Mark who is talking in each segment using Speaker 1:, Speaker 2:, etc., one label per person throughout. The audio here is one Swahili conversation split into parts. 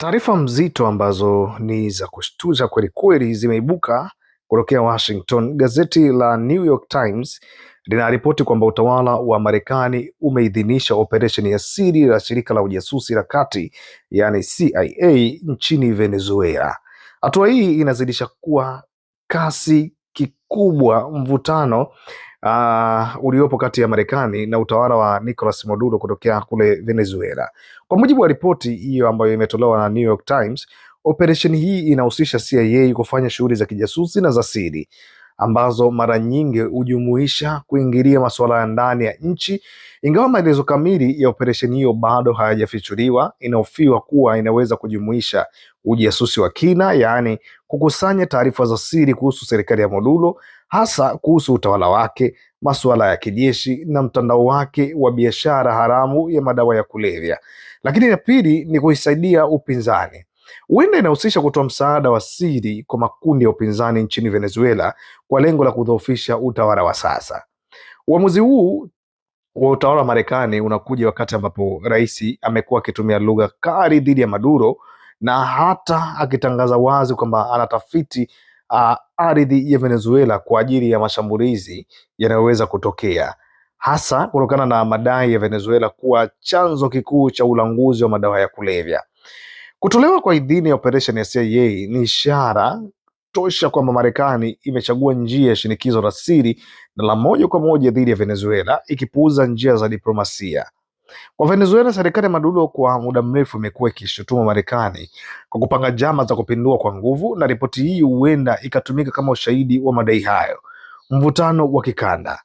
Speaker 1: Taarifa mzito ambazo ni za kushtuza kweli kweli zimeibuka kutokea Washington. Gazeti la New York Times linaripoti kwamba utawala wa Marekani umeidhinisha operesheni ya siri la shirika la ujasusi la kati yani CIA nchini Venezuela. Hatua hii inazidisha kuwa kasi kikubwa mvutano uh, uliopo kati ya Marekani na utawala wa Nicolas Maduro kutokea kule Venezuela. Kwa mujibu wa ripoti hiyo ambayo imetolewa na New York Times, operesheni hii inahusisha CIA kufanya shughuli za kijasusi na za siri ambazo mara nyingi hujumuisha kuingilia masuala ya ndani ya nchi. Ingawa maelezo kamili ya operesheni hiyo bado hayajafichuliwa, inahofiwa kuwa inaweza kujumuisha ujasusi wa kina, yaani kukusanya taarifa za siri kuhusu serikali ya Maduro hasa kuhusu utawala wake, masuala ya kijeshi na mtandao wake wa biashara haramu ya madawa ya kulevya. Lakini la pili ni kuisaidia upinzani huenda inahusisha kutoa msaada wa siri kwa makundi ya upinzani nchini Venezuela kwa lengo la kudhoofisha utawala wa sasa. Uamuzi huu wa utawala wa Marekani unakuja wakati ambapo rais amekuwa akitumia lugha kali dhidi ya Maduro na hata akitangaza wazi kwamba anatafiti uh, ardhi ya Venezuela kwa ajili ya mashambulizi yanayoweza kutokea hasa kutokana na madai ya Venezuela kuwa chanzo kikuu cha ulanguzi wa madawa ya kulevya. Kutolewa kwa idhini ya operation ya CIA ni ishara tosha kwamba Marekani imechagua njia ya shinikizo la siri na la moja kwa moja dhidi ya Venezuela, ikipuuza njia za diplomasia. Kwa Venezuela, serikali ya Maduro kwa muda mrefu imekuwa ikishutumu Marekani kwa kupanga njama za kupindua kwa nguvu, na ripoti hii huenda ikatumika kama ushahidi wa madai hayo. Mvutano wa kikanda.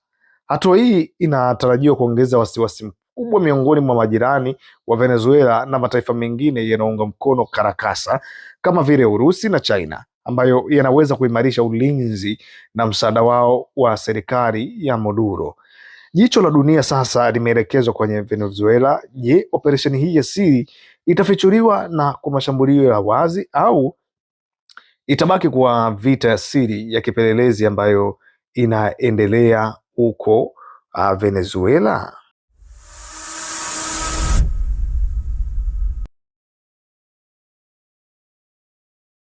Speaker 1: Hatua hii inatarajiwa kuongeza wasiwasi mkubwa miongoni mwa majirani wa Venezuela na mataifa mengine yanayounga mkono Karakasa kama vile Urusi na China ambayo yanaweza kuimarisha ulinzi na msaada wao wa serikali ya Maduro. Jicho la dunia sasa limeelekezwa kwenye Venezuela. Je, operesheni hii ya siri itafichuliwa na kwa mashambulio ya wazi au itabaki kuwa vita ya siri ya kipelelezi ambayo inaendelea huko uh, Venezuela?